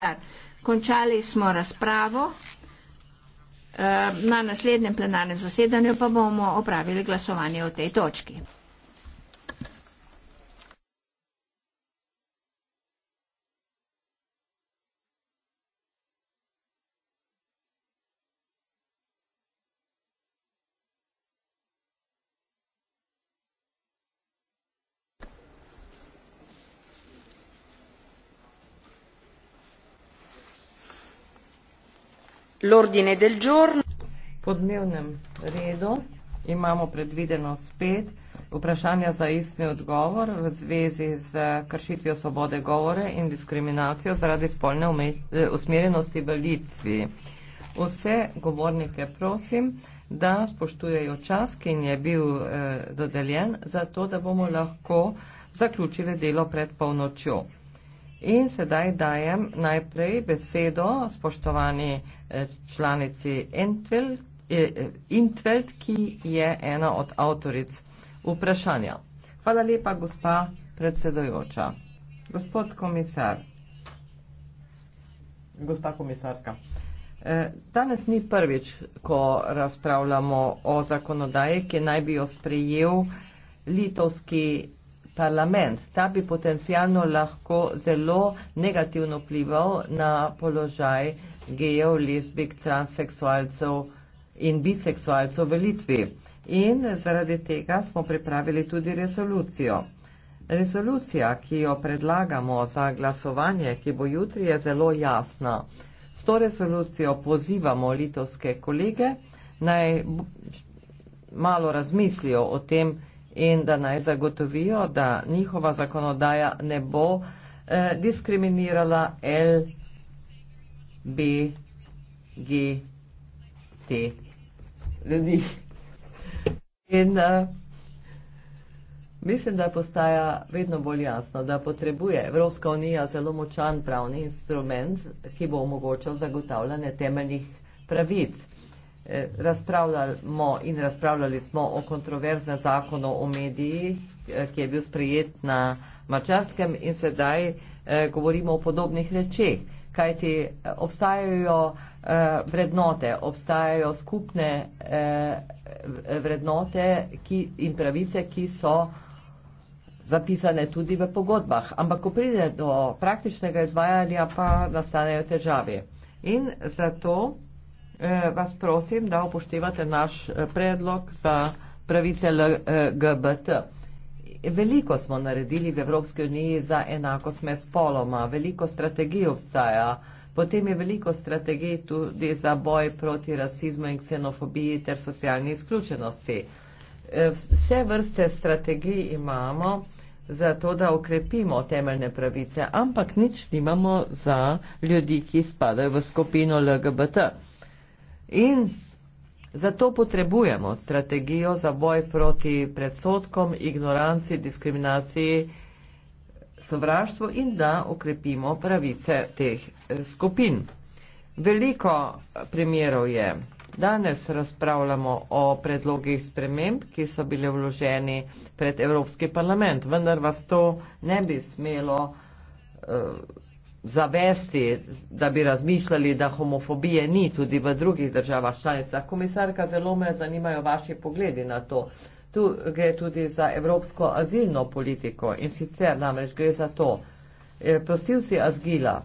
Eh, končali smo razpravo. Eh, na naslednjem plenarnem zasedanju pa bomo opravili glasovanje o tej točki. Po dnevnem redu imamo predvideno spet vprašanja za istni odgovor v zvezi z kršitvijo svobode govore in diskriminacijo zaradi spolne eh, usmerjenosti v Litvi. Vse govornike prosim, da spoštujejo čas, ki jim je bil eh, dodeljen, zato da bomo lahko zaključili delo pred polnočjo. In sedaj dajem najprej besedo spoštovani eh, članici eh, eh, Intveld, ki je ena od avtoric vprašanja. Hvala lepa, gospa predsedojoča. Gospod komisar, gospa komisarka, danes ni prvič, ko razpravljamo o zakonodaji, ki naj bi jo sprejel litovski parlament. Ta bi potencijalno lahko zelo negativno vplival na položaj gejev, lesbik, transseksualcev in biseksualcev v Litvi. In zaradi tega smo pripravili tudi resolucijo. Resolucija, ki jo predlagamo za glasovanje, ki bo jutri, je zelo jasna. S to resolucijo pozivamo litovske kolege, naj malo razmislijo o tem, in da naj zagotovijo, da njihova zakonodaja ne bo eh, diskriminirala LBGT ljudi. In eh, mislim, da postaja vedno bolj jasno, da potrebuje Evropska unija zelo močan pravni instrument, ki bo omogočal zagotavljanje temeljnih pravic. Eh, razpravljamo in razpravljali smo o kontroverzne zakonu o mediji, eh, ki je bil sprejet na mačarskem in sedaj eh, govorimo o podobnih rečeh. Kajti obstajajo vrednote, obstajajo skupne vrednote in pravice, ki so zapisane tudi v pogodbah. Ampak, ko pride do praktičnega izvajanja, pa nastanejo težave. In zato Eh, vas prosim, da upoštevate naš eh, predlog za pravice LGBT. Veliko smo naredili v Evropski uniji za enakost med spoloma, veliko strategij obstaja, potem je veliko strategij tudi za boj proti rasizmu in ksenofobiji ter socialni izključenosti. Eh, vse vrste strategij imamo za to, da okrepimo temeljne pravice, ampak nič nimamo za ljudi, ki spadajo v skupino LGBT. In zato potrebujemo strategijo za boj proti predsotkom, ignoranci, diskriminaciji, sovraštvu in da okrepimo pravice teh eh, skupin. Veliko primerov je. Danes razpravljamo o predlogih sprememb, ki so bile vloženi pred Evropski parlament, vendar vas to ne bi smelo uh, zavesti, da bi razmišljali, da homofobije ni tudi v drugih državah članicah. Komisarka, zelo me zanimajo vaši pogledi na to. Tu gre tudi za evropsko azilno politiko in sicer namreč gre za to. Eh, prosilci azila,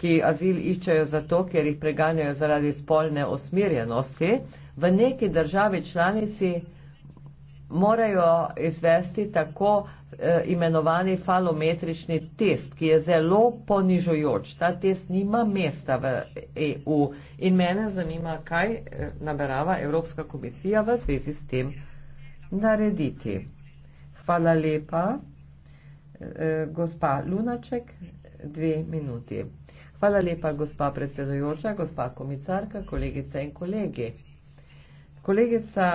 ki azil iščejo zato, ker jih preganjajo zaradi spolne osmerjenosti, v neki državi članici morajo izvesti tako, Eh, imenovani falometrični test, ki je zelo ponižujoč. Ta test nima mesta v EU in mene zanima, kaj eh, naberava Evropska komisija v zvezi s tem narediti. Hvala lepa. Eh, gospa Lunaček, dve minuti. Hvala lepa, gospa predsedojoča, gospa komisarka, kolegice in kolegi. Kolegica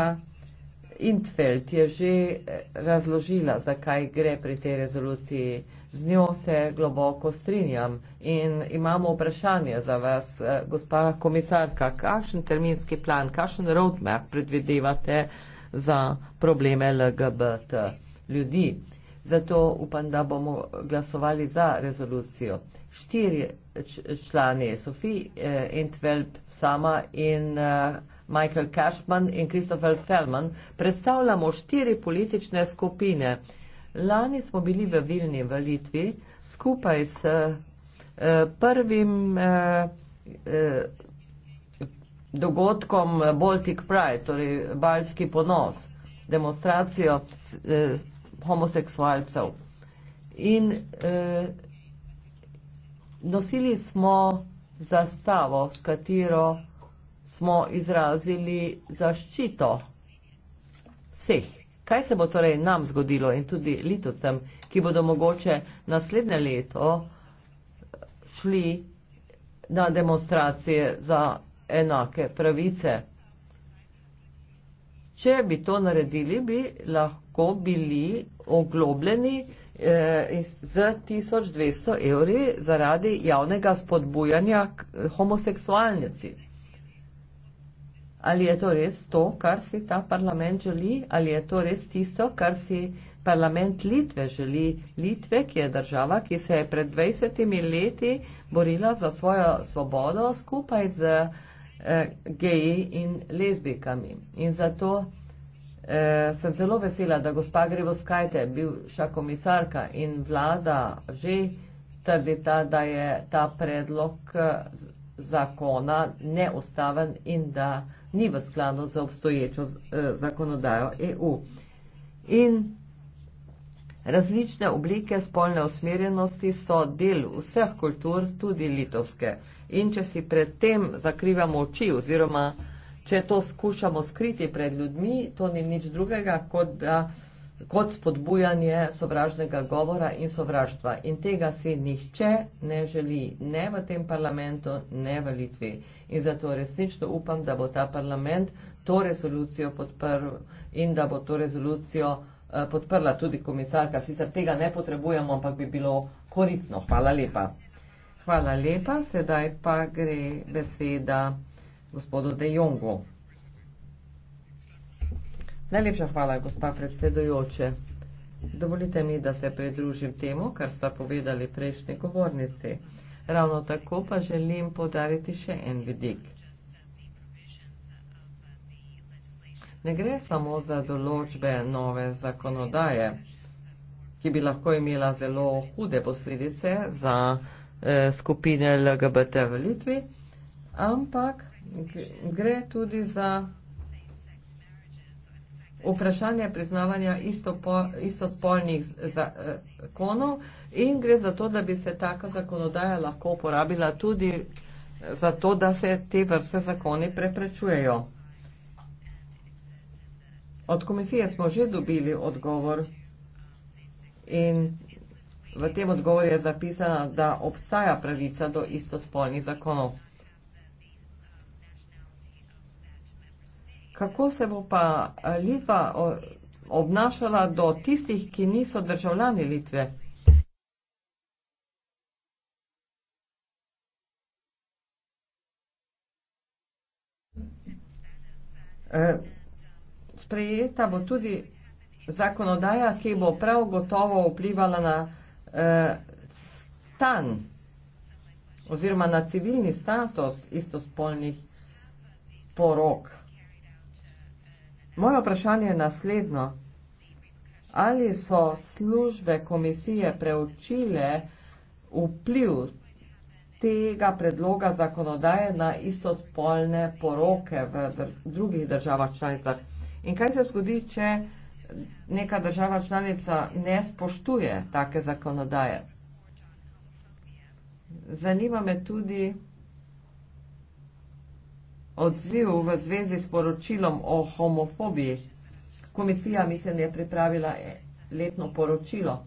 Intfeld je že eh, razložila, zakaj gre pri tej rezoluciji. Z njo se globoko strinjam in imamo vprašanje za vas, eh, gospa komisarka, kakšen terminski plan, kakšen roadmap predvidevate za probleme LGBT ljudi. Zato upam, da bomo glasovali za rezolucijo. Štiri člani, Sofi, eh, Intfeld sama in. Uh, Michael Cashman in Christopher Feldman, predstavljamo štiri politične skupine. Lani smo bili v Vilni v Litvi skupaj s eh, prvim eh, eh, dogodkom Baltic Pride, torej Baljski ponos, demonstracijo eh, homoseksualcev. In eh, nosili smo zastavo, s katero smo izrazili zaščito vseh. Kaj se bo torej nam zgodilo in tudi litovcem, ki bodo mogoče naslednje leto šli na demonstracije za enake pravice? Če bi to naredili, bi lahko bili oglobljeni eh, z 1200 evri zaradi javnega spodbujanja homoseksualnici ali je to res to, kar si ta parlament želi, ali je to res tisto, kar si parlament Litve želi. Litve, ki je država, ki se je pred 20 leti borila za svojo svobodo skupaj z eh, geji in lezbikami. In zato eh, sem zelo vesela, da gospa Grevoskajte, bivša komisarka in vlada že trdita, da je ta predlog eh, zakona neustaven in da ni v skladu za obstoječo eh, zakonodajo EU. In različne oblike spolne osmerjenosti so del vseh kultur, tudi litovske. In če si pred tem zakrivamo oči oziroma če to skušamo skriti pred ljudmi, to ni nič drugega, kot da uh, kot spodbujanje sovražnega govora in sovraštva. In tega si nihče ne želi, ne v tem parlamentu, ne v Litvi. In zato resnično upam, da bo ta parlament to resolucijo podprl in da bo to resolucijo eh, podprla tudi komisarka. Sicer tega ne potrebujemo, ampak bi bilo koristno. Hvala lepa. Hvala lepa. Sedaj pa gre beseda gospodu De Jongu. Najlepša hvala, gospa predsedujoče. Dovolite mi, da se pridružim temu, kar sta povedali prejšnji govornici. Ravno tako pa želim podariti še en vidik. Ne gre samo za določbe nove zakonodaje, ki bi lahko imela zelo hude posledice za eh, skupine LGBT v Litvi, ampak gre tudi za vprašanje priznavanja istospolnih eh, zakonov in gre za to, da bi se taka zakonodaja lahko uporabila tudi eh, za to, da se te vrste zakoni preprečujejo. Od komisije smo že dobili odgovor in v tem odgovor je zapisano, da obstaja pravica do istospolnih zakonov. kako se bo pa Litva obnašala do tistih, ki niso državljani Litve? E, sprejeta bo tudi zakonodaja, ki bo prav gotovo vplivala na e, stan oziroma na civilni status istospolnih porok. Moje vprašanje je naslednjo. Ali so službe komisije preučile vpliv tega predloga zakonodaje na istospolne poroke v drugih državah članicah? In kaj se zgodi, če neka država članica ne spoštuje take zakonodaje? Zanima me tudi, odziv v zvezi s poročilom o homofobiji. Komisija, mislim, je pripravila eh, letno poročilo.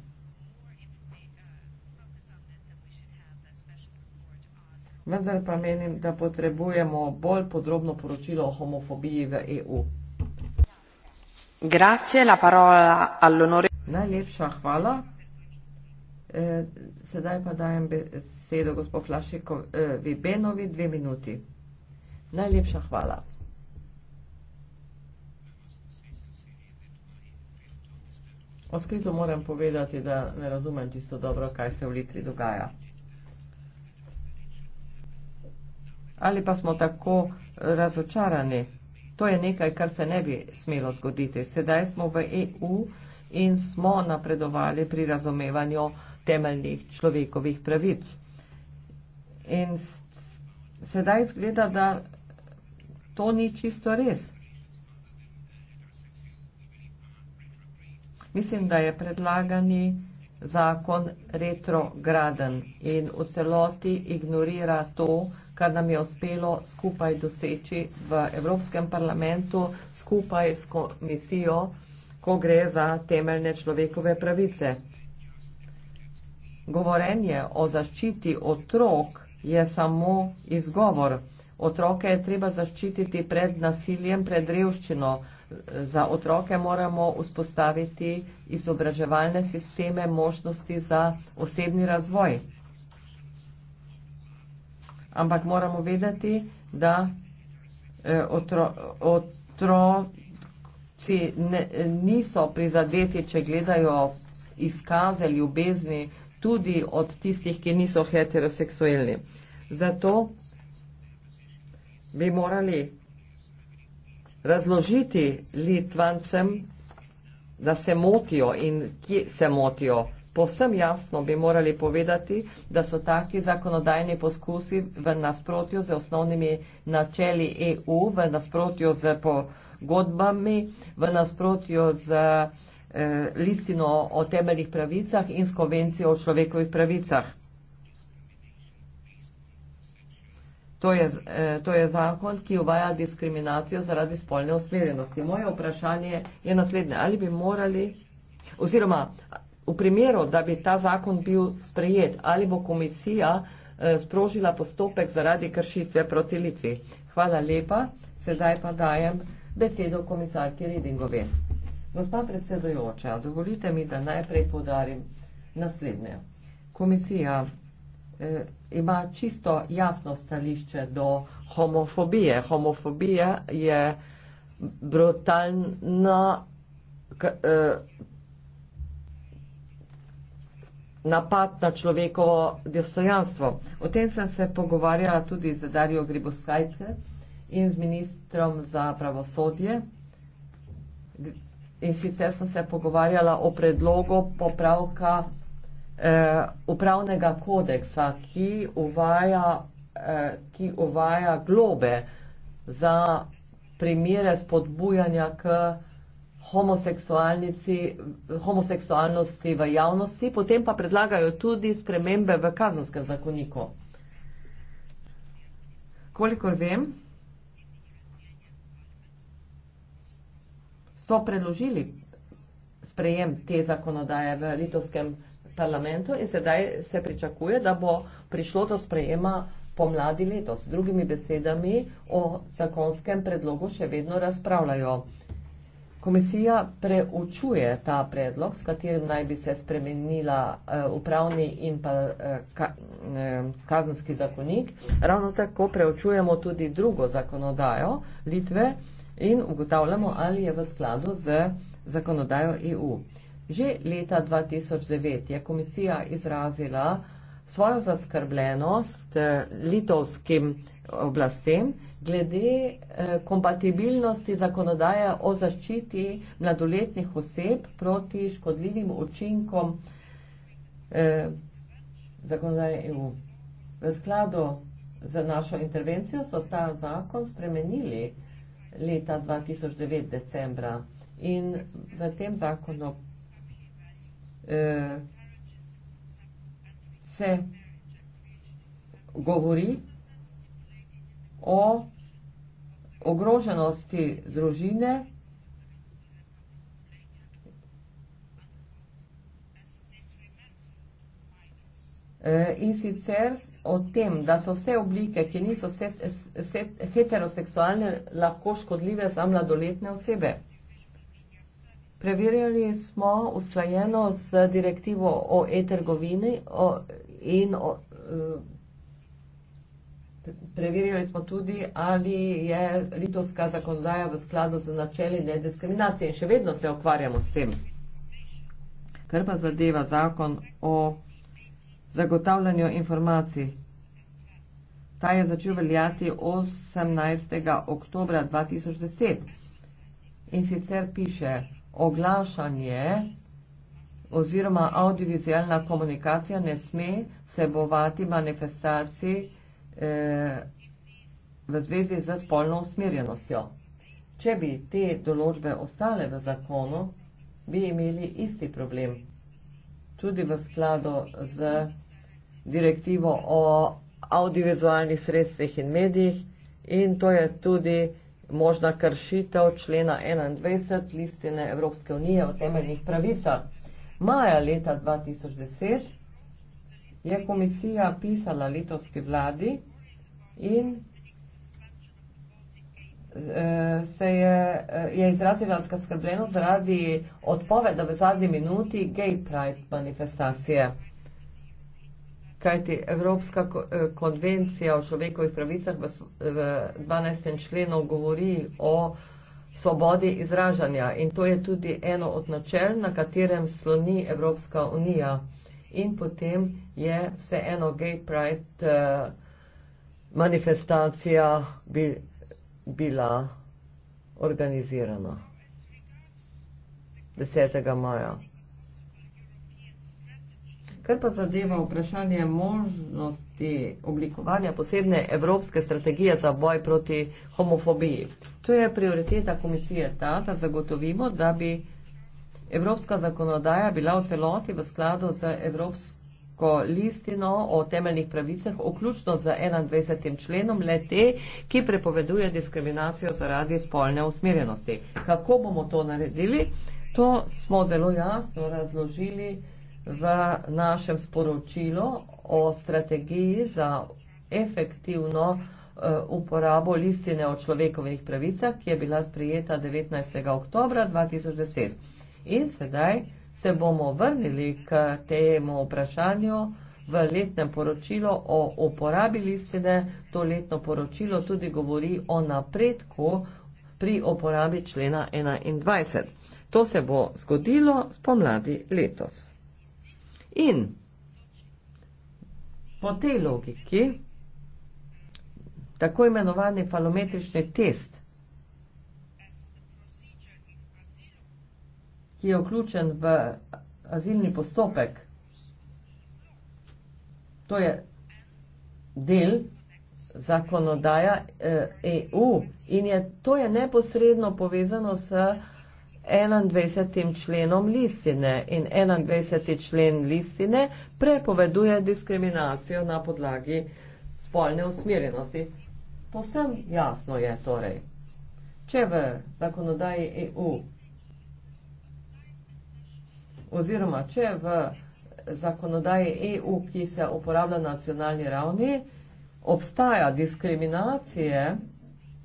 Vendar pa menim, da potrebujemo bolj podrobno poročilo o homofobiji v EU. Grazie, la parola all'onore. Najlepša hvala. Eh, sedaj pa dajem besedo gospod Flašikovi eh, Benovi, dve minuti. Najlepša hvala. Odkrito moram povedati, da ne razumem čisto dobro, kaj se v Litvi dogaja. Ali pa smo tako razočarani. To je nekaj, kar se ne bi smelo zgoditi. Sedaj smo v EU in smo napredovali pri razumevanju temeljnih človekovih pravic. In sedaj zgleda, da To ni čisto res. Mislim, da je predlagani zakon retrograden in v celoti ignorira to, kar nam je uspelo skupaj doseči v Evropskem parlamentu skupaj s komisijo, ko gre za temeljne človekove pravice. Govorenje o zaščiti otrok je samo izgovor. Otroke je treba zaščititi pred nasiljem, pred revščino. Za otroke moramo vzpostaviti izobraževalne sisteme, možnosti za osebni razvoj. Ampak moramo vedeti, da eh, otro, otroci ne, niso prizadeti, če gledajo izkaze ljubezni tudi od tistih, ki niso heteroseksualni. Zato bi morali razložiti Litvancem, da se motijo in kje se motijo. Povsem jasno bi morali povedati, da so taki zakonodajni poskusi v nasprotju z osnovnimi načeli EU, v nasprotju z pogodbami, v nasprotju z eh, listino o temeljnih pravicah in s konvencijo o človekovih pravicah. To je, e, to je zakon, ki uvaja diskriminacijo zaradi spolne usmerjenosti. Moje vprašanje je naslednje. Ali bi morali, oziroma v primeru, da bi ta zakon bil sprejet, ali bo komisija e, sprožila postopek zaradi kršitve proti Litvi? Hvala lepa. Sedaj pa dajem besedo komisarki Redingove. Gospa predsedujoča, dovolite mi, da najprej podarim naslednje. Komisija Eh, ima čisto jasno stališče do homofobije. Homofobija je brutalna eh, napad na človekovo dostojanstvo. O tem sem se pogovarjala tudi z Darijo Griboskajtke in z ministrom za pravosodje. In sicer sem se pogovarjala o predlogu popravka eh, upravnega kodeksa, ki uvaja, eh, ki uvaja globe za primere spodbujanja k homoseksualnosti v javnosti, potem pa predlagajo tudi spremembe v kazanskem zakoniku. Kolikor vem, so predložili sprejem te zakonodaje v litovskem zakoniku parlamentu in sedaj se pričakuje, da bo prišlo do sprejema pomladi letos. Drugimi besedami o zakonskem predlogu še vedno razpravljajo. Komisija preučuje ta predlog, s katerim naj bi se spremenila uh, upravni in pa uh, ka, uh, kazenski zakonik. Ravno tako preučujemo tudi drugo zakonodajo Litve in ugotavljamo, ali je v skladu z zakonodajo EU. Uh, Že leta 2009 je komisija izrazila svojo zaskrbljenost eh, litovskim eh, oblastem glede eh, kompatibilnosti zakonodaje o zaščiti mladoletnih oseb proti škodljivim učinkom zakonodaje EU. V skladu z našo intervencijo so ta zakon spremenili leta 2009 decembra in v tem zakonu eh, se govori o ogroženosti družine eh, in sicer o tem, da so vse oblike, ki niso set, set, heteroseksualne, lahko škodljive za mladoletne osebe. Preverjali smo usklajeno z direktivo o e-trgovini in o, eh, preverjali smo tudi, ali je litovska zakonodaja v skladu z načeli nediskriminacije in še vedno se okvarjamo s tem. Kar pa zadeva zakon o zagotavljanju informacij. Ta je začel veljati 18. oktobra 2010 in sicer piše, oglašanje oziroma audiovizualna komunikacija ne sme vsebovati manifestacij eh, v zvezi z spolno usmerjenostjo. Če bi te določbe ostale v zakonu, bi imeli isti problem. Tudi v skladu z direktivo o audiovizualnih sredstvih in medijih in to je tudi možna kršitev člena 21 listine Evropske unije o temeljnih pravicah. Maja leta 2010 je komisija pisala letovski vladi in e, se je, e, je izrazila skrbljeno zaradi odpoveda v zadnji minuti Gay Pride manifestacije. Kajti Evropska eh, konvencija o človekovih pravicah v 12. členu govori o svobodi izražanja in to je tudi eno od načel, na katerem sloni Evropska unija. In potem je vseeno Gay Pride eh, manifestacija bi, bila organizirana 10. maja. Kar pa zadeva vprašanje možnosti oblikovanja posebne evropske strategije za boj proti homofobiji. To je prioriteta komisije ta, da zagotovimo, da bi evropska zakonodaja bila v celoti v skladu z evropsko listino o temeljnih pravicah, vključno z 21. členom le te, ki prepoveduje diskriminacijo zaradi spolne usmerjenosti. Kako bomo to naredili? To smo zelo jasno razložili v našem sporočilu o strategiji za efektivno eh, uporabo listine o človekovih pravicah, ki je bila sprijeta 19. oktobra 2010. In sedaj se bomo vrnili k temu vprašanju v letnem poročilu o uporabi listine. To letno poročilo tudi govori o napredku pri uporabi člena 21. To se bo zgodilo spomladi letos. In po tej logiki, tako imenovani falometrični test, ki je vključen v azilni postopek, to je del zakonodaja EU eh, e in je, to je neposredno povezano s 21. členom listine in 21. člen listine prepoveduje diskriminacijo na podlagi spolne usmerjenosti. Povsem jasno je torej, če v zakonodaji EU oziroma če v zakonodaji EU, ki se uporablja na nacionalni ravni, obstaja diskriminacije,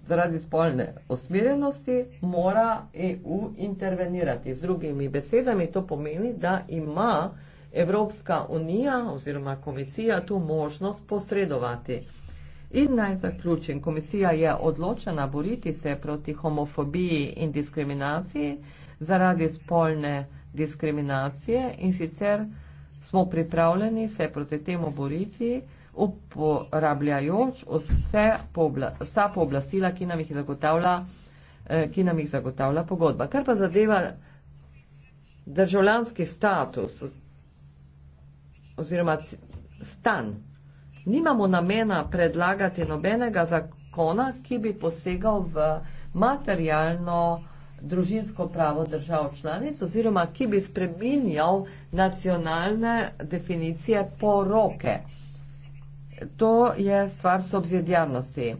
zaradi spolne osmerjenosti, mora EU intervenirati. Z drugimi besedami to pomeni, da ima Evropska unija oziroma komisija tu možnost posredovati. In naj zaključim, komisija je odločena boriti se proti homofobiji in diskriminaciji zaradi spolne diskriminacije in sicer smo pripravljeni se proti temu boriti uporabljajoč vse poobla, vsa pooblastila, ki nam jih zagotavlja, eh, ki nam jih zagotavlja pogodba. Kar pa zadeva državljanski status oziroma stan, nimamo namena predlagati nobenega zakona, ki bi posegal v materialno družinsko pravo držav članic oziroma ki bi spreminjal nacionalne definicije poroke. To je stvar sobzidjarnosti.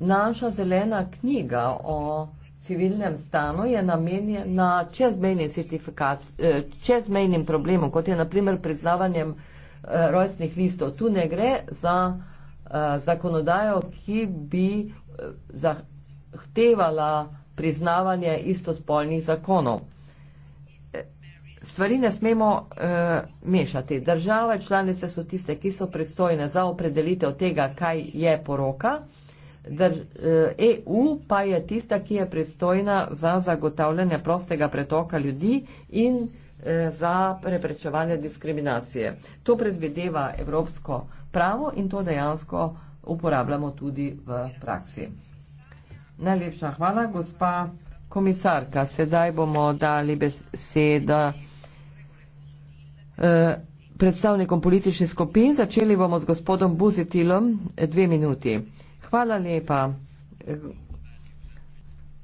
Naša zelena knjiga o civilnem stanu je namenjena eh, čezmejnim problemom, kot je naprimer priznavanjem eh, rojstnih listov. Tu ne gre za eh, zakonodajo, ki bi zahtevala priznavanje istospolnih zakonov stvari ne smemo uh, mešati. Države članice so tiste, ki so predstojne za opredelitev tega, kaj je poroka. Drž EU eh, e pa je tista, ki je predstojna za zagotavljanje prostega pretoka ljudi in uh, za preprečevanje diskriminacije. To predvideva evropsko pravo in to dejansko uporabljamo tudi v praksi. Najlepša hvala, gospa komisarka. Sedaj bomo dali besedo. Eh, predstavnikom političnih skupin. Začeli bomo z gospodom Buzitilom eh, dve minuti. Hvala lepa.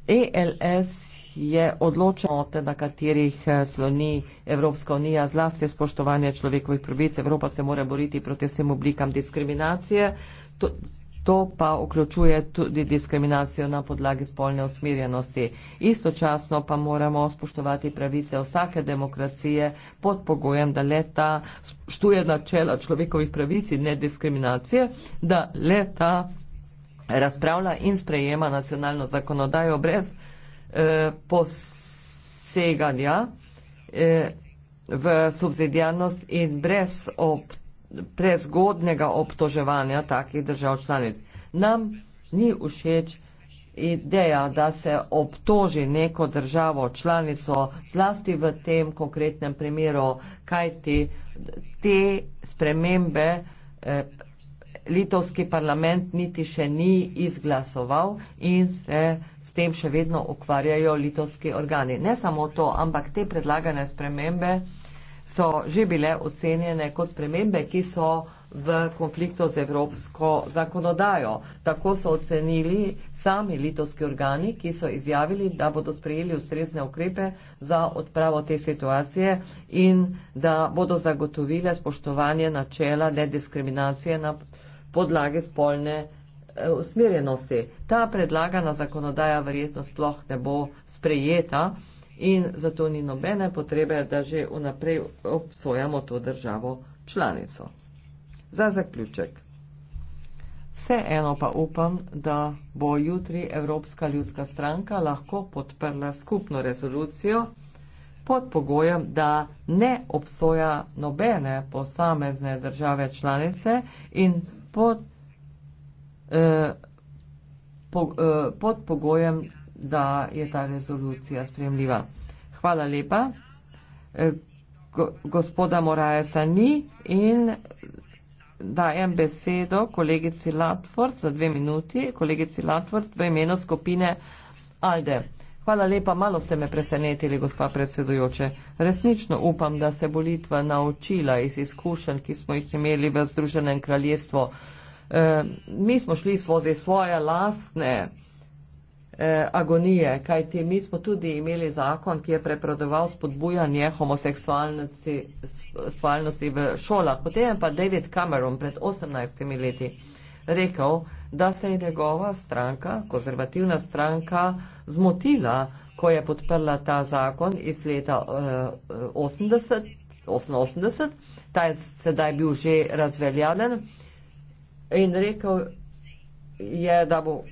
ELS eh, e je odločeno, na katerih sloni Evropska unija, zlasti spoštovanje človekovih prvic. Evropa se mora boriti proti vsem oblikam diskriminacije. To, To pa vključuje tudi diskriminacijo na podlagi spolne usmerjenosti. Istočasno pa moramo spoštovati pravice vsake demokracije pod pogojem, da le ta štuje načela človekovih pravic in ne diskriminacije, da le ta razpravlja in sprejema nacionalno zakonodajo brez eh, poseganja eh, v subsidijalnost in brez obtožitev prezgodnega obtoževanja takih držav članic. Nam ni všeč ideja, da se obtoži neko državo članico, zlasti v tem konkretnem primeru, kajti te spremembe eh, litovski parlament niti še ni izglasoval in se s tem še vedno ukvarjajo litovski organi. Ne samo to, ampak te predlagane spremembe so že bile ocenjene kot spremembe, ki so v konfliktu z evropsko zakonodajo. Tako so ocenili sami litovski organi, ki so izjavili, da bodo sprejeli ustrezne ukrepe za odpravo te situacije in da bodo zagotovile spoštovanje načela nediskriminacije na podlagi spolne eh, usmerjenosti. Ta predlagana zakonodaja verjetno sploh ne bo sprejeta in zato ni nobene potrebe, da že vnaprej obsojamo to državo članico. Za zaključek. Vseeno pa upam, da bo jutri Evropska ljudska stranka lahko podprla skupno rezolucijo pod pogojem, da ne obsoja nobene posamezne države članice in pod, eh, po, eh, pod pogojem, da je ta rezolucija spremljiva. Hvala lepa. E, gospoda Morajesa ni in dajem besedo kolegici Latford za dve minuti, kolegici Latford v imenu skupine Alde. Hvala lepa, malo ste me presenetili, gospa predsedujoče. Resnično upam, da se bo Litva naučila iz izkušenj, ki smo jih imeli v Združenem kraljestvu. E, mi smo šli svozi svoje lastne eh, agonije, kaj ti mi smo tudi imeli zakon, ki je prepredoval spodbujanje homoseksualnosti v šolah. Potem pa David Cameron pred 18 leti rekel, da se je njegova stranka, konzervativna stranka, zmotila, ko je podprla ta zakon iz leta eh, 80. 88, ta je sedaj bil že razveljaven in rekel je, da bo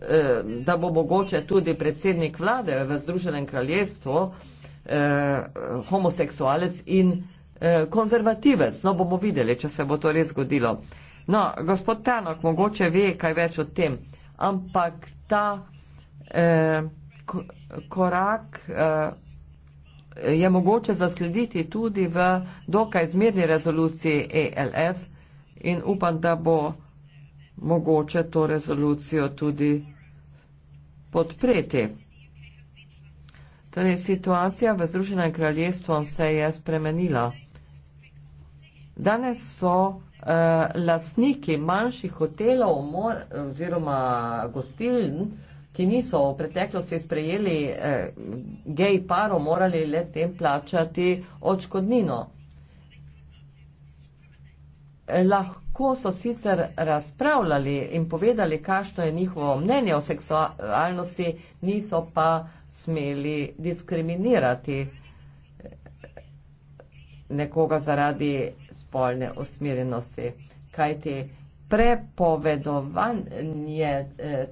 Eh, da bo mogoče tudi predsednik vlade v Združenem kraljestvu eh, homoseksualec in eh, konzervativec. No, bomo videli, če se bo to res zgodilo. No, gospod Tanok mogoče ve kaj več o tem, ampak ta korak je mogoče zaslediti tudi v dokaj zmerni rezoluciji ALS e in upam, da bo mogoče to rezolucijo tudi podpreti. Torej, situacija v Združenem kraljestvu se je spremenila. Danes so eh, lastniki manjših hotelov mor, oziroma gostiln, ki niso v preteklosti sprejeli eh, gej paro, morali le tem plačati odškodnino. Eh, lahko ko so sicer razpravljali in povedali, kakšno je njihovo mnenje o seksualnosti, niso pa smeli diskriminirati eh, nekoga zaradi spolne usmerjenosti. Kajti prepovedovanje eh,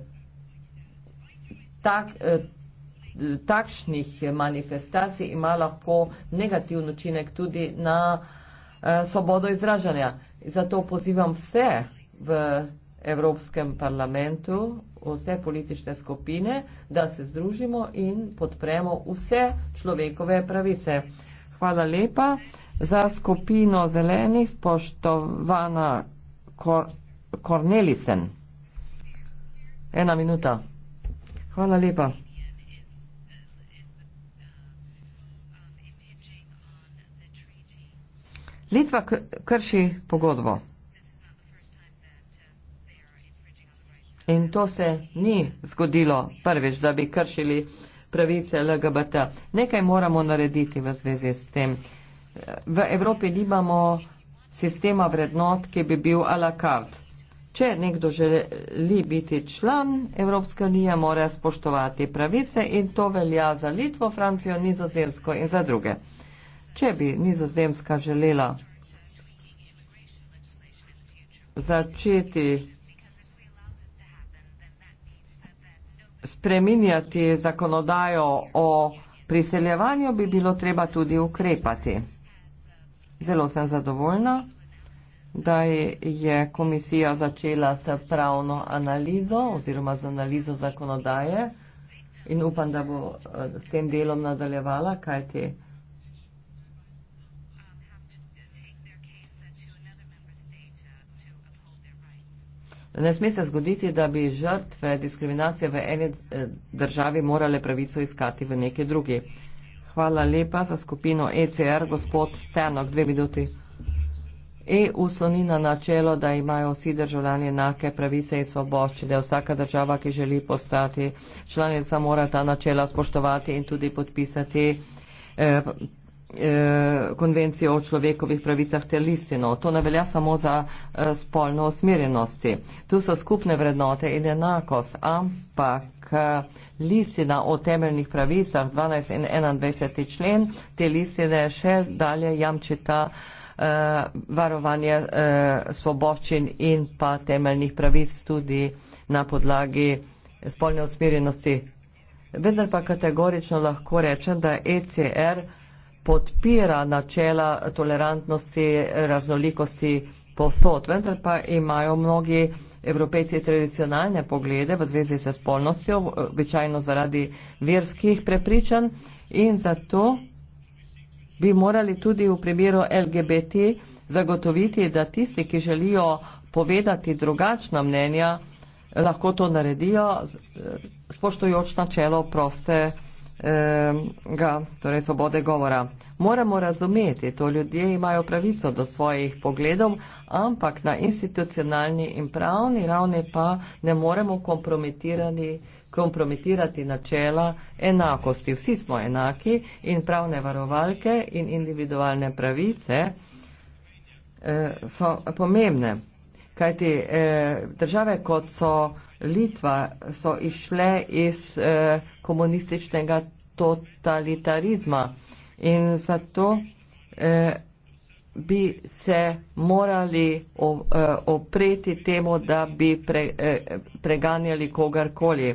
tak, eh, takšnih manifestacij ima lahko negativ učinek tudi na svobodo izražanja. Zato pozivam vse v Evropskem parlamentu, vse politične skupine, da se združimo in podpremo vse človekove pravice. Hvala lepa. Za skupino zelenih, spoštovana Kor Kornelisen. Ena minuta. Hvala lepa. Litva krši pogodbo. In to se ni zgodilo prvič, da bi kršili pravice LGBT. Nekaj moramo narediti v zvezi s tem. V Evropi nimamo sistema vrednot, ki bi bil a la carte. Če nekdo želi biti član Evropske unije, mora spoštovati pravice in to velja za Litvo, Francijo, Nizozemsko in za druge če bi nizozemska želela začeti spreminjati zakonodajo o priseljevanju, bi bilo treba tudi ukrepati. Zelo sem zadovoljna, da je komisija začela s pravno analizo oziroma z analizo zakonodaje in upam, da bo eh, s tem delom nadaljevala, kaj te vsega. Ne sme se zgoditi, da bi žrtve diskriminacije v eni eh, državi morale pravico iskati v neki drugi. Hvala lepa za skupino ECR, gospod Tenok, dve minuti. EU sloni na načelo, da imajo vsi državljani enake pravice in svoboščine. Vsaka država, ki želi postati članica, mora ta načela spoštovati in tudi podpisati. Eh, Eh, konvencije o človekovih pravicah ter listino. To ne velja samo za eh, spolno osmerjenosti. Tu so skupne vrednote in enakost, ampak eh, listina o temeljnih pravicah 12 in 21 člen te listine še dalje jamčita uh, varovanje uh, svoboščin in pa temeljnih pravic tudi na podlagi spolne osmerjenosti. Vendar pa kategorično lahko rečem, da ECR podpira načela tolerantnosti, raznolikosti posod, vendar pa imajo mnogi evropejci tradicionalne poglede v zvezi s spolnostjo, običajno zaradi verskih prepričanj in zato bi morali tudi v primeru LGBT zagotoviti, da tisti, ki želijo povedati drugačna mnenja, lahko to naredijo spoštojoč načelo proste vsega eh, ga, torej svobode govora. Moramo razumeti, to ljudje imajo pravico do svojih pogledov, ampak na institucionalni in pravni ravni pa ne moremo kompromitirati, kompromitirati načela enakosti. Vsi smo enaki in pravne varovalke in individualne pravice eh, so pomembne. Kajti eh, države, kot so Litva so išle iz eh, komunističnega totalitarizma in zato eh, bi se morali eh, opreti temu, da bi pre, preganjali kogarkoli.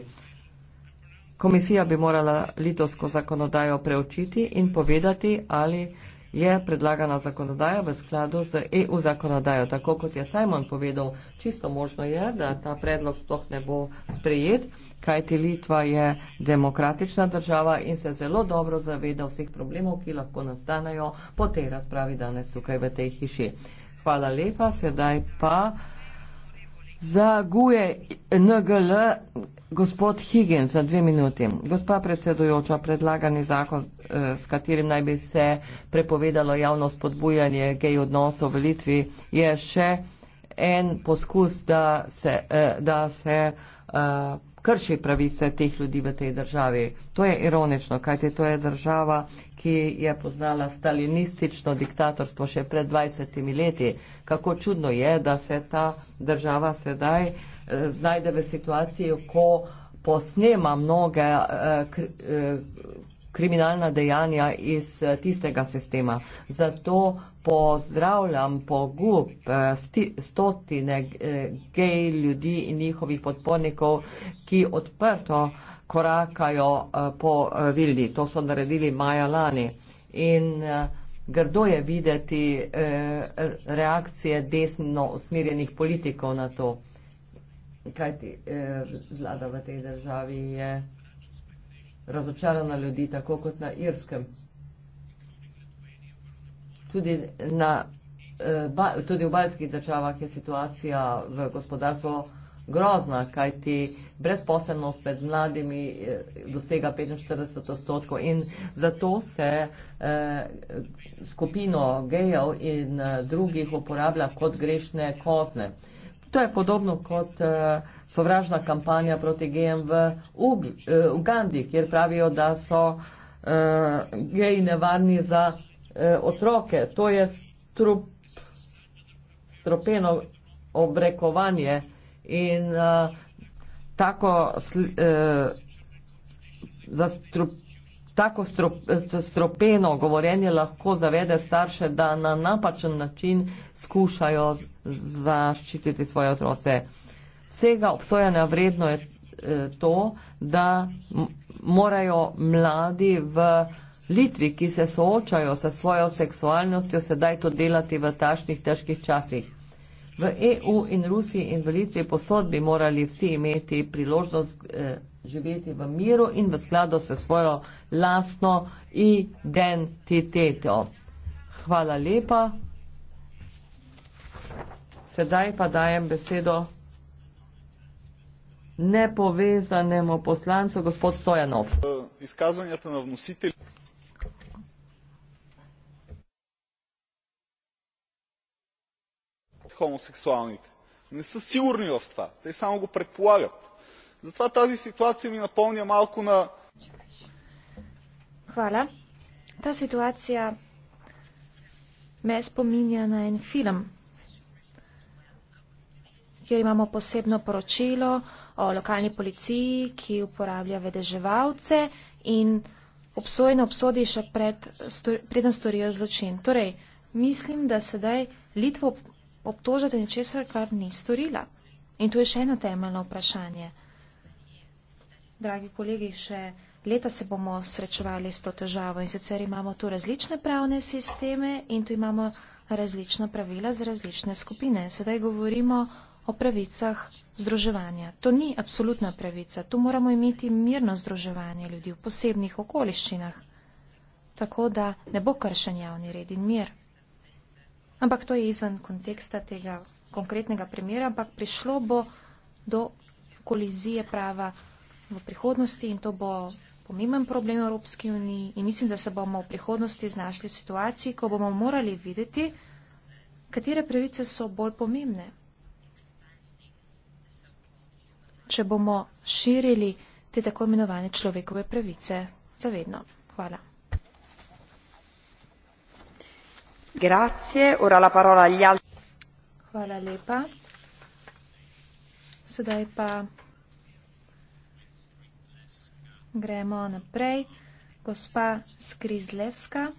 Komisija bi morala litovsko zakonodajo preučiti in povedati, ali je predlagana zakonodaja v skladu z EU zakonodajo. Tako kot je Simon povedal, čisto možno je, da ta predlog sploh ne bo sprejet, kajti Litva je demokratična država in se zelo dobro zaveda vseh problemov, ki lahko nastanejo po tej razpravi danes tukaj v tej hiši. Hvala lepa, sedaj pa. Za guje NGL, gospod Higgin, za dve minuti. Gospa predsedujoča, predlagani zakon, eh, s katerim naj bi se prepovedalo javno spodbujanje gej odnosov v Litvi, je še en poskus, da se, eh, da se eh, krši pravice teh ljudi v tej državi. To je ironično, kajte to je država, ki je poznala stalinistično diktatorstvo še pred 20 leti. Kako čudno je, da se ta država sedaj eh, znajde v situaciji, ko posnema mnoge eh, kri, eh, kriminalna dejanja iz eh, tistega sistema. Zato pozdravljam pogub eh, stotine eh, gej ljudi in njihovih podpornikov, ki odprto korakajo po vilni. To so naredili maja lani. In grdo je videti reakcije desno usmirjenih politikov na to. Kaj ti vlada v tej državi je? razočara na ljudi, tako kot na Irskem. Tudi, na, eh, tudi v baljskih državah je situacija v gospodarstvu grozna, kajti brezposelnost med mladimi eh, dosega 45 odstotkov in zato se eh, skupino gejev in drugih uporablja kot grešne kozne. To je podobno kot uh, sovražna kampanja proti gejem v Ug uh, Ugandi, kjer pravijo, da so uh, geji nevarni za uh, otroke. To je strup, strupeno obrekovanje in uh, tako uh, zastrupeno tako strop, stropeno govorjenje lahko zavede starše, da na napačen način skušajo zaščititi svoje otroce. Vsega obsojanja vredno je e, to, da morajo mladi v Litvi, ki se soočajo sa svojo seksualnostjo, sedaj to delati v tašnih težkih časih. V EU in Rusiji in v Litvi posod bi morali vsi imeti priložnost. Eh, živeti v miru in v skladu s svojo lastno identiteto. Hvala lepa. Sedaj pa dajem besedo nepovezanemu poslancu, gospod Stojanov. homoseksualnih. Ne so sigurni v to, te samo go predpolagati zato tazi situacija mi napolnja malko na Hvala. Ta situacija me spominja na en film, kjer imamo posebno poročilo o lokalni policiji, ki uporablja vedeževalce in obsojeno obsodi še pred, preden storijo zločin. Torej, mislim, da sedaj Litvo obtožate nečesar, kar ni storila. In to je še eno temeljno vprašanje. Dragi kolegi, še leta se bomo srečevali s to težavo in sicer imamo tu različne pravne sisteme in tu imamo različna pravila za različne skupine. Sedaj govorimo o pravicah združevanja. To ni absolutna pravica, tu moramo imeti mirno združevanje ljudi v posebnih okoliščinah, tako da ne bo kršen javni red in mir. Ampak to je izven konteksta tega konkretnega primera, ampak prišlo bo do kolizije prava v prihodnosti in to bo pomemben problem Evropski uniji in mislim, da se bomo v prihodnosti znašli v situaciji, ko bomo morali videti, katere pravice so bolj pomembne. Če bomo širili te tako imenovane človekove pravice zavedno. Hvala. Grazie, ora la parola agli altri. Hvala lepa. Sedaj pa Gremo naprej. Gospa Skrizlevska.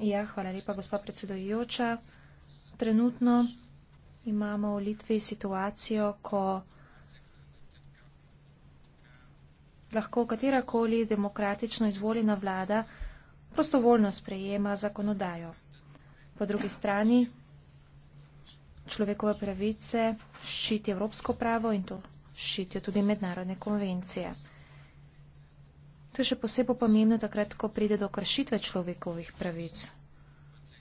Ja, hvala lepa, gospa predsedojoča. Trenutno imamo v Litvi situacijo, ko lahko katerakoli demokratično izvoljena vlada prostovoljno sprejema zakonodajo. Po drugi strani človekove pravice ščiti evropsko pravo in to ščitijo tudi mednarodne konvencije. To je še posebej pomembno takrat, ko pride do kršitve človekovih pravic.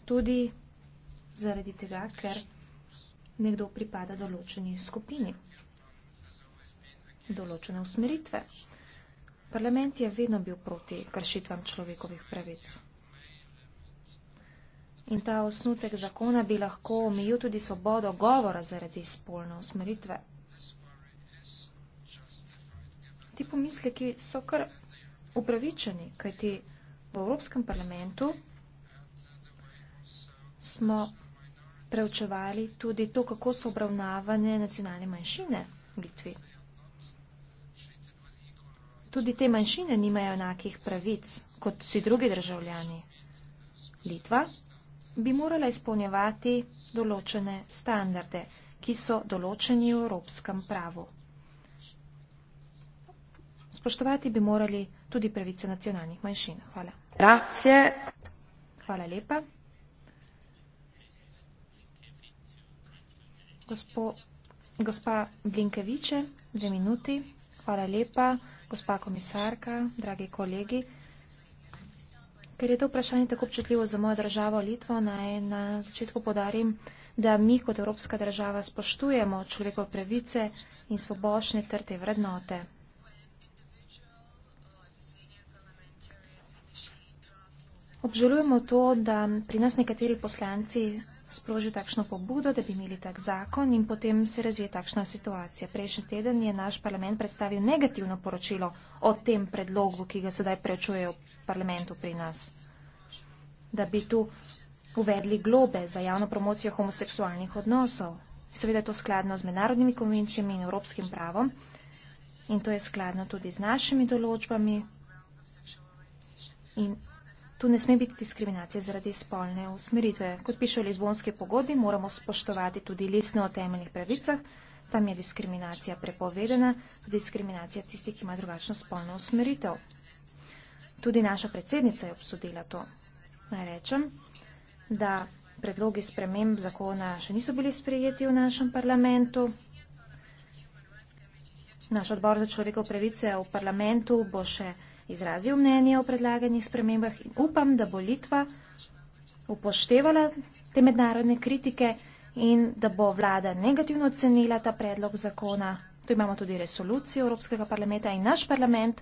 Tudi zaradi tega, ker nekdo pripada določeni skupini, določene usmeritve. Parlament je vedno bil proti kršitvam človekovih pravic. In ta osnutek zakona bi lahko omejil tudi svobodo govora zaradi spolne usmeritve. Ti pomisleki so kar upravičeni, kajti v Evropskem parlamentu smo preučevali tudi to, kako so obravnavane nacionalne manjšine v Litvi. Tudi te manjšine nimajo enakih pravic kot vsi drugi državljani. Litva bi morala izpolnjevati določene standarde, ki so določeni v evropskem pravu. Spoštovati bi morali tudi pravice nacionalnih manjšin. Hvala. Grazie. Hvala lepa. Gospo, gospa Blinkeviče, dve minuti. Hvala lepa. Gospa komisarka, dragi kolegi. Ker je to vprašanje tako občutljivo za mojo državo Litvo, naj na začetku podarim, da mi kot evropska država spoštujemo človekove pravice in svobošne trte vrednote. Obžalujemo to, da pri nas nekateri poslanci sprožijo takšno pobudo, da bi imeli tak zakon in potem se razvije takšna situacija. Prejšnji teden je naš parlament predstavil negativno poročilo o tem predlogu, ki ga sedaj prečujejo v parlamentu pri nas, da bi tu uvedli globe za javno promocijo homoseksualnih odnosov. Seveda je to skladno z mednarodnimi konvencijami in evropskim pravom in to je skladno tudi z našimi določbami. In Tu ne sme biti diskriminacije zaradi spolne usmeritve. Kot piše v Lizbonski pogodbi, moramo spoštovati tudi listne o temeljnih pravicah. Tam je diskriminacija prepovedena, tudi diskriminacija tistih, ki ima drugačno spolno usmeritev. Tudi naša predsednica je obsodila to. Naj rečem, da predlogi sprememb zakona še niso bili sprejeti v našem parlamentu. Naš odbor za človekov pravice v parlamentu bo še izrazil mnenje o predlaganih spremembah in upam, da bo Litva upoštevala te mednarodne kritike in da bo vlada negativno ocenila ta predlog zakona. Tu imamo tudi resolucijo Evropskega parlamenta in naš parlament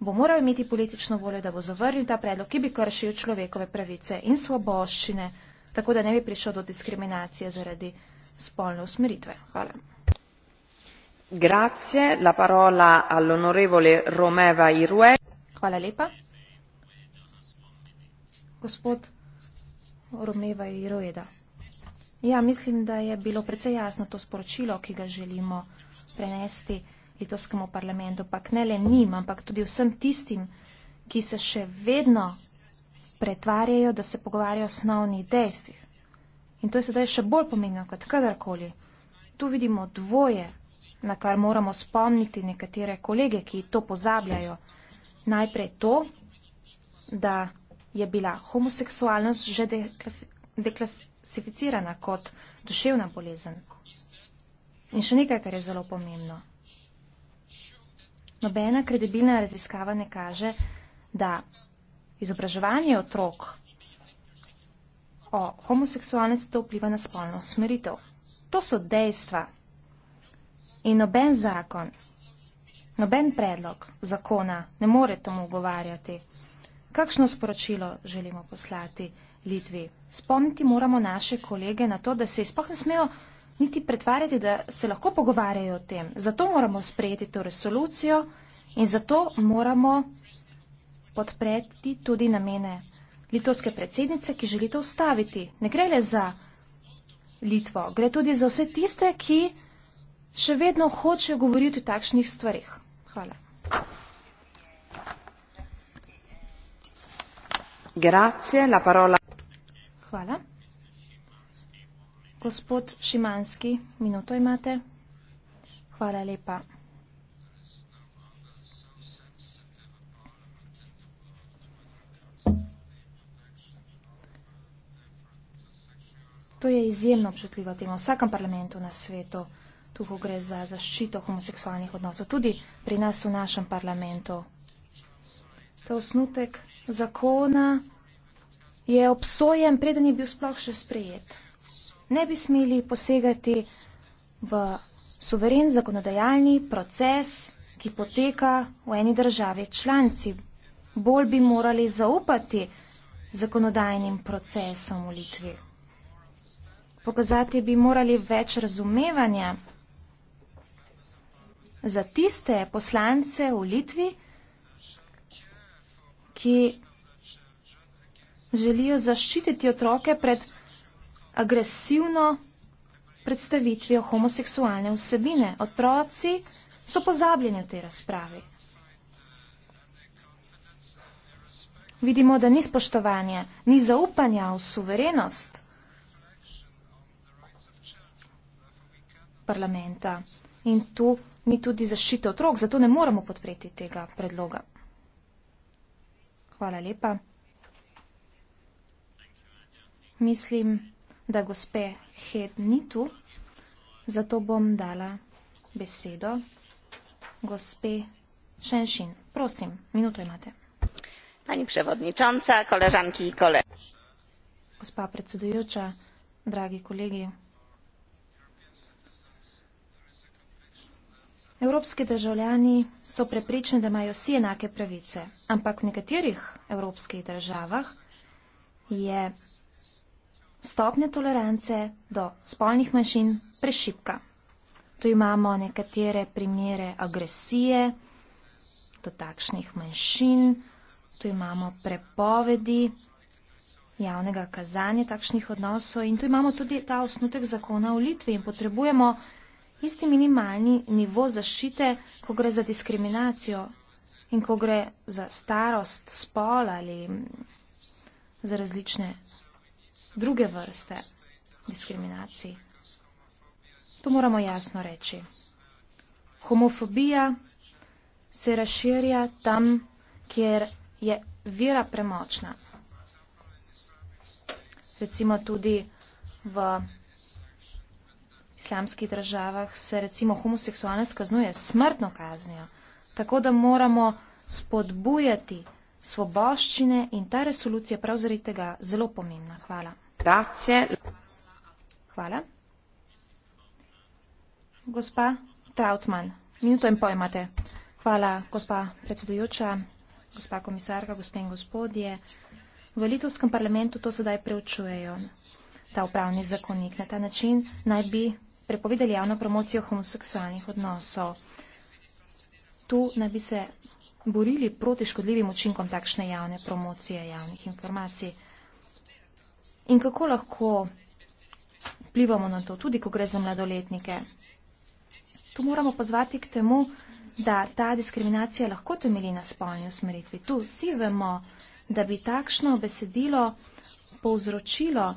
bo moral imeti politično voljo, da bo zavrnil ta predlog, ki bi kršil človekove pravice in svoboščine, tako da ne bi prišel do diskriminacije zaradi spolne usmeritve. Hvala. Grazie, la parola all'onorevole Romeva Irue. Hvala lepa. Gospod Romeva Irojeda. Ja, mislim, da je bilo precej jasno to sporočilo, ki ga želimo prenesti litovskemu parlamentu, pa ne le njim, ampak tudi vsem tistim, ki se še vedno pretvarjajo, da se pogovarjajo o osnovnih dejstvih. In to je sedaj še bolj pomembno kot kadarkoli. Tu vidimo dvoje, na kar moramo spomniti nekatere kolege, ki to pozabljajo najprej to, da je bila homoseksualnost že deklasificirana kot duševna bolezen. In še nekaj, kar je zelo pomembno. Nobena kredibilna raziskava ne kaže, da izobraževanje otrok o homoseksualnosti to vpliva na spolno usmeritev. To so dejstva. In noben zakon, Noben predlog zakona ne more tomu ugovarjati. Kakšno sporočilo želimo poslati Litvi? Spomniti moramo naše kolege na to, da se izpoh ne smejo niti pretvarjati, da se lahko pogovarjajo o tem. Zato moramo sprejeti to resolucijo in zato moramo podpreti tudi namene litovske predsednice, ki želi to ustaviti. Ne gre le za Litvo, gre tudi za vse tiste, ki še vedno hočejo govoriti o takšnih stvarih. Hvala. Grazie, la parola. Hvala. Gospod Šimanski, minuto imate. Hvala lepa. To je izjemno občutljiva tema v vsakem parlamentu na svetu tukaj gre za zaščito homoseksualnih odnosov, tudi pri nas v našem parlamentu. Ta osnutek zakona je obsojen, preden je bil sploh še sprejet. Ne bi smeli posegati v suveren zakonodajalni proces, ki poteka v eni državi članci. Bolj bi morali zaupati zakonodajnim procesom v Litvi. Pokazati bi morali več razumevanja za tiste poslance v Litvi, ki želijo zaščititi otroke pred agresivno predstavitvijo homoseksualne vsebine. Otroci so pozabljeni v tej razpravi. Vidimo, da ni spoštovanja, ni zaupanja v suverenost parlamenta. In tu ni tudi zaščite otrok, zato ne moremo podpreti tega predloga. Hvala lepa. Mislim, da gospe Hed ni tu, zato bom dala besedo gospe Šenšin. Prosim, minuto imate. Pani predsedujoča, koleženki in kolegi. Gospa predsedujoča, dragi kolegi, Evropski državljani so prepričani, da imajo vsi enake pravice, ampak v nekaterih evropskih državah je stopnja tolerance do spolnih manjšin prešipka. Tu imamo nekatere primere agresije do takšnih manjšin, tu imamo prepovedi javnega kazanja takšnih odnosov in tu imamo tudi ta osnutek zakona v Litvi in potrebujemo isti minimalni nivo zaščite, ko gre za diskriminacijo in ko gre za starost, spol ali mm, za različne druge vrste diskriminacij. To moramo jasno reči. Homofobija se razširja tam, kjer je vira premočna. Recimo tudi v islamskih državah se recimo homoseksualne skaznuje smrtno kaznijo. Tako da moramo spodbujati svoboščine in ta resolucija prav zaradi tega zelo pomembna. Hvala. Grazie. Hvala. Gospa Trautmann, minuto in pol imate. Hvala, gospa predsedujoča, gospa komisarka, gospe in gospodje. V litovskem parlamentu to sedaj preučujejo, ta upravni zakonik. Na ta način naj bi prepovedali javno promocijo homoseksualnih odnosov. Tu naj bi se borili proti škodljivim učinkom takšne javne promocije javnih informacij. In kako lahko plivamo na to, tudi ko gre za mladoletnike? Tu moramo pozvati k temu, da ta diskriminacija lahko temeli na spolni usmeritvi. Tu vsi vemo, da bi takšno besedilo povzročilo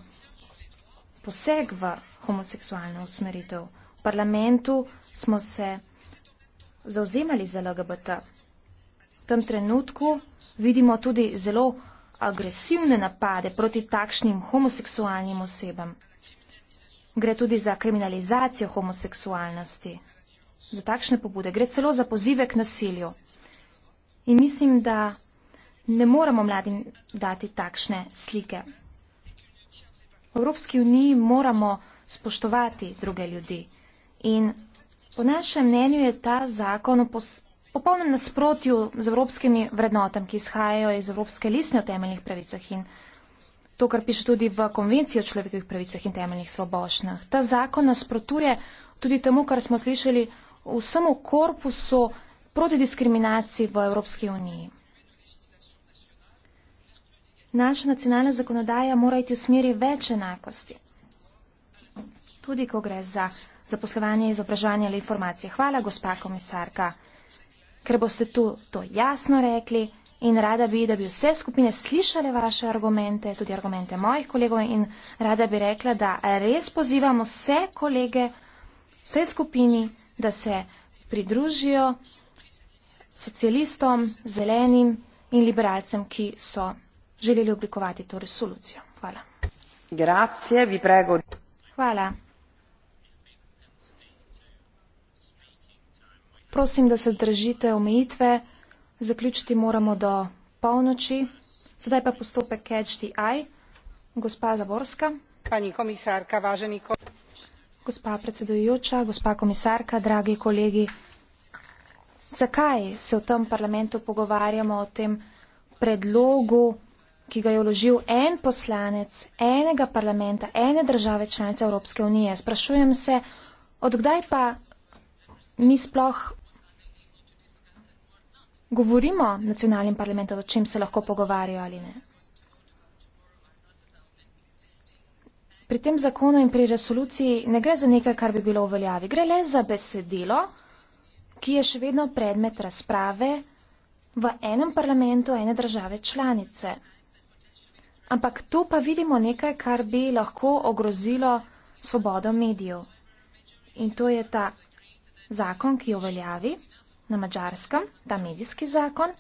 poseg v homoseksualno usmeritev. V parlamentu smo se zauzemali za LGBT. V tem trenutku vidimo tudi zelo agresivne napade proti takšnim homoseksualnim osebam. Gre tudi za kriminalizacijo homoseksualnosti, za takšne pobude, gre celo za pozive k nasilju. In mislim, da ne moramo mladim dati takšne slike. Evropski uniji moramo spoštovati druge ljudi. In po našem mnenju je ta zakon v popolnem nasprotju z evropskimi vrednotami, ki izhajajo iz Evropske listne o temeljnih pravicah in to, kar piše tudi v konvenciji o človekovih pravicah in temeljnih svoboščinah. Ta zakon nasprotuje tudi temu, kar smo slišali v samo korpusu protidiskriminacij v Evropski uniji naša nacionalna zakonodaja mora iti v smeri več enakosti. Tudi, ko gre za zaposlovanje, izobražovanje ali informacije. Hvala, gospa komisarka, ker boste tu to jasno rekli in rada bi, da bi vse skupine slišale vaše argumente, tudi argumente mojih kolegov in rada bi rekla, da res pozivamo vse kolege, vse skupini, da se pridružijo socialistom, zelenim in liberalcem, ki so želeli oblikovati to resolucijo. Hvala. Grazie, vi prego. Hvala. Prosim, da se držite omejitve. Zaključiti moramo do polnoči. Sedaj pa postopek Catch the Eye. Gospa Zavorska. Pani komisarka, važeni kolegi. Gospa predsedujoča, gospa komisarka, dragi kolegi. Zakaj se v tem parlamentu pogovarjamo o tem predlogu? ki ga je vložil en poslanec enega parlamenta, ene države članice Evropske unije. Sprašujem se, odkdaj pa mi sploh govorimo nacionalnim parlamentom, o čem se lahko pogovarjajo ali ne. Pri tem zakonu in pri resoluciji ne gre za nekaj, kar bi bilo v veljavi. Gre le za besedilo, ki je še vedno predmet razprave v enem parlamentu ene države članice. Ampak to pa vidimo nekaj, kar bi lahko ogrozilo svobodo medijev. In to je ta zakon, ki jo veljavi na mačarskem, ta medijski zakon.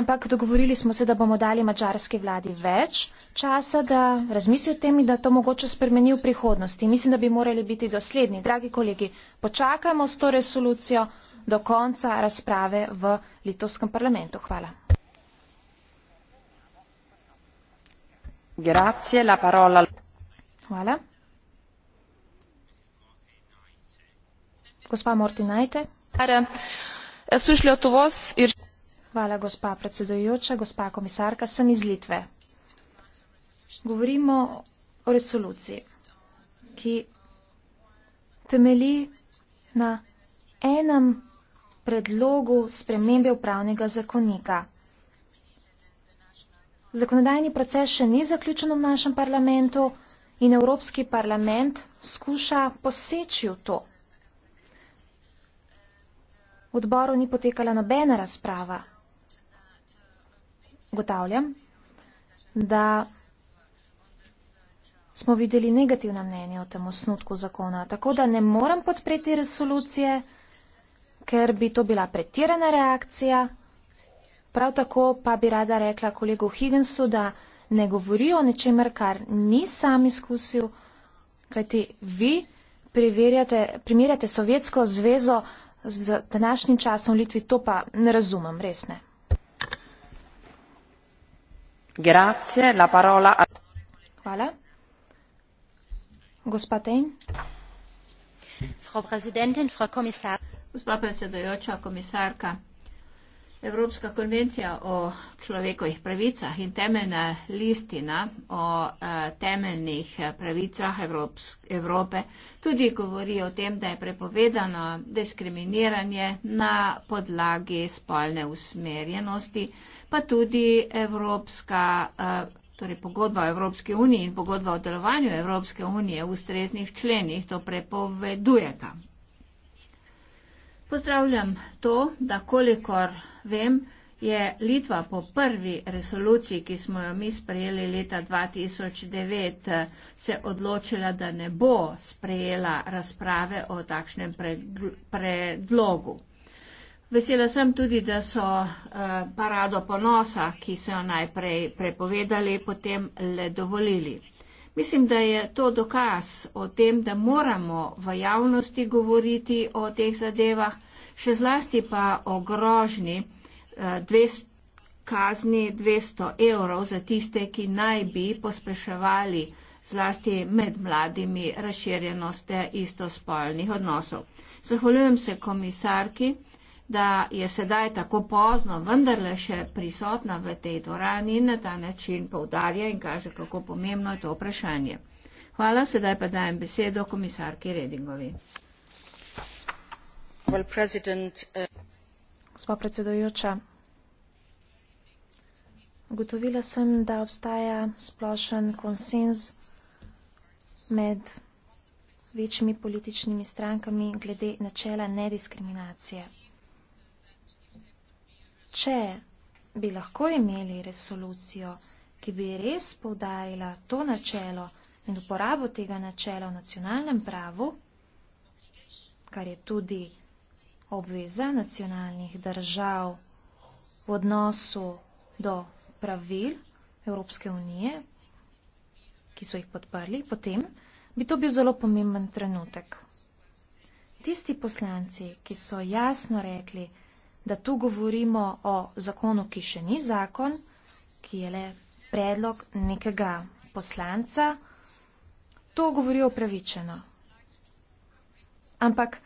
Ampak dogovorili smo se, da bomo dali mačarski vladi več časa, da razmisli o tem in da to mogoče spremeni v prihodnosti. Mislim, da bi morali biti dosledni. Dragi kolegi, počakajmo s to resolucijo do konca razprave v litovskem parlamentu. Hvala. Hvala, gospa predsedujoča. Gospa komisarka, sem iz Litve. Govorimo o resoluciji, ki temeli na enem predlogu spremembe upravnega zakonika. Zakonodajni proces še ni zaključen v našem parlamentu in Evropski parlament skuša poseči v to. V odboru ni potekala nobena razprava. Gotavljam, da smo videli negativna mnenja o tem osnutku zakona, tako da ne moram podpreti resolucije, ker bi to bila pretirana reakcija. Prav tako pa bi rada rekla kolegu Higginsu, da ne govori o ničemer, kar ni sam izkusil, kajti vi primerjate Sovjetsko zvezo z današnjim časom v Litvi, to pa ne razumem, res ne. Hvala. Gospa Tejn. Gospa predsedojoča, komisarka. Evropska konvencija o človekovih pravicah in temeljna listina o eh, temeljnih eh, pravicah Evrope tudi govori o tem, da je prepovedano diskriminiranje na podlagi spolne usmerjenosti, pa tudi Evropska, eh, torej pogodba o Evropski uniji in pogodba o delovanju Evropske unije v ustreznih členih to prepovedujeta. Pozdravljam to, da kolikor vem, je Litva po prvi resoluciji, ki smo jo mi sprejeli leta 2009, se odločila, da ne bo sprejela razprave o takšnem predlogu. Vesela sem tudi, da so eh, parado ponosa, ki so jo najprej prepovedali, potem le dovolili. Mislim, da je to dokaz o tem, da moramo v javnosti govoriti o teh zadevah, še zlasti pa o grožni, dve kazni 200 evrov za tiste, ki naj bi pospeševali zlasti med mladimi razširjenost istospolnih odnosov. Zahvaljujem se komisarki, da je sedaj tako pozno vendarle še prisotna v tej dvorani in na ta način povdarja in kaže, kako pomembno je to vprašanje. Hvala, sedaj pa dajem besedo komisarki Redingovi. Well, Gospa predsedujoča, ugotovila sem, da obstaja splošen konsens med večjimi političnimi strankami glede načela nediskriminacije. Če bi lahko imeli resolucijo, ki bi res povdarila to načelo in uporabo tega načela v nacionalnem pravu, kar je tudi nekaj, obveza nacionalnih držav v odnosu do pravil Evropske unije, ki so jih podprli, potem bi to bil zelo pomemben trenutek. Tisti poslanci, ki so jasno rekli, da tu govorimo o zakonu, ki še ni zakon, ki je le predlog nekega poslanca, to govorijo pravičeno. Ampak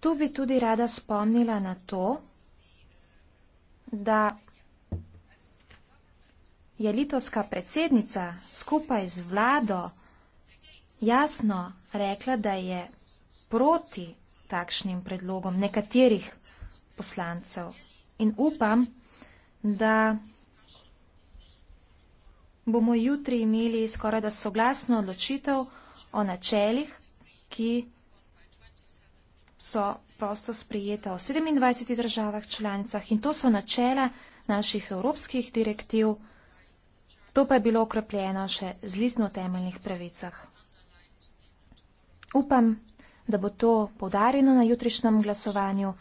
Tu bi tudi rada spomnila na to, da je litovska predsednica skupaj z vlado jasno rekla, da je proti takšnim predlogom nekaterih poslancev. In upam, da bomo jutri imeli skoraj da soglasno odločitev o načeljih, ki so prosto sprijeta v 27 državah članicah in to so načela naših evropskih direktiv. To pa je bilo okrepljeno še z listno temeljnih pravicah. Upam, da bo to podarjeno na jutrišnjem glasovanju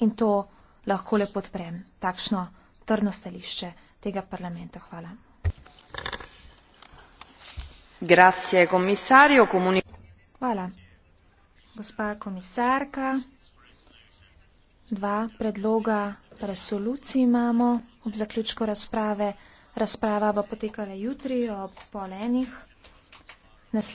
in to lahko le podprem. Takšno trdno stališče tega parlamenta. Hvala. Grazie, Hvala gospa komisarka. Dva predloga resolucij imamo ob zaključku razprave. Razprava bo potekala jutri ob pol enih. Naslednji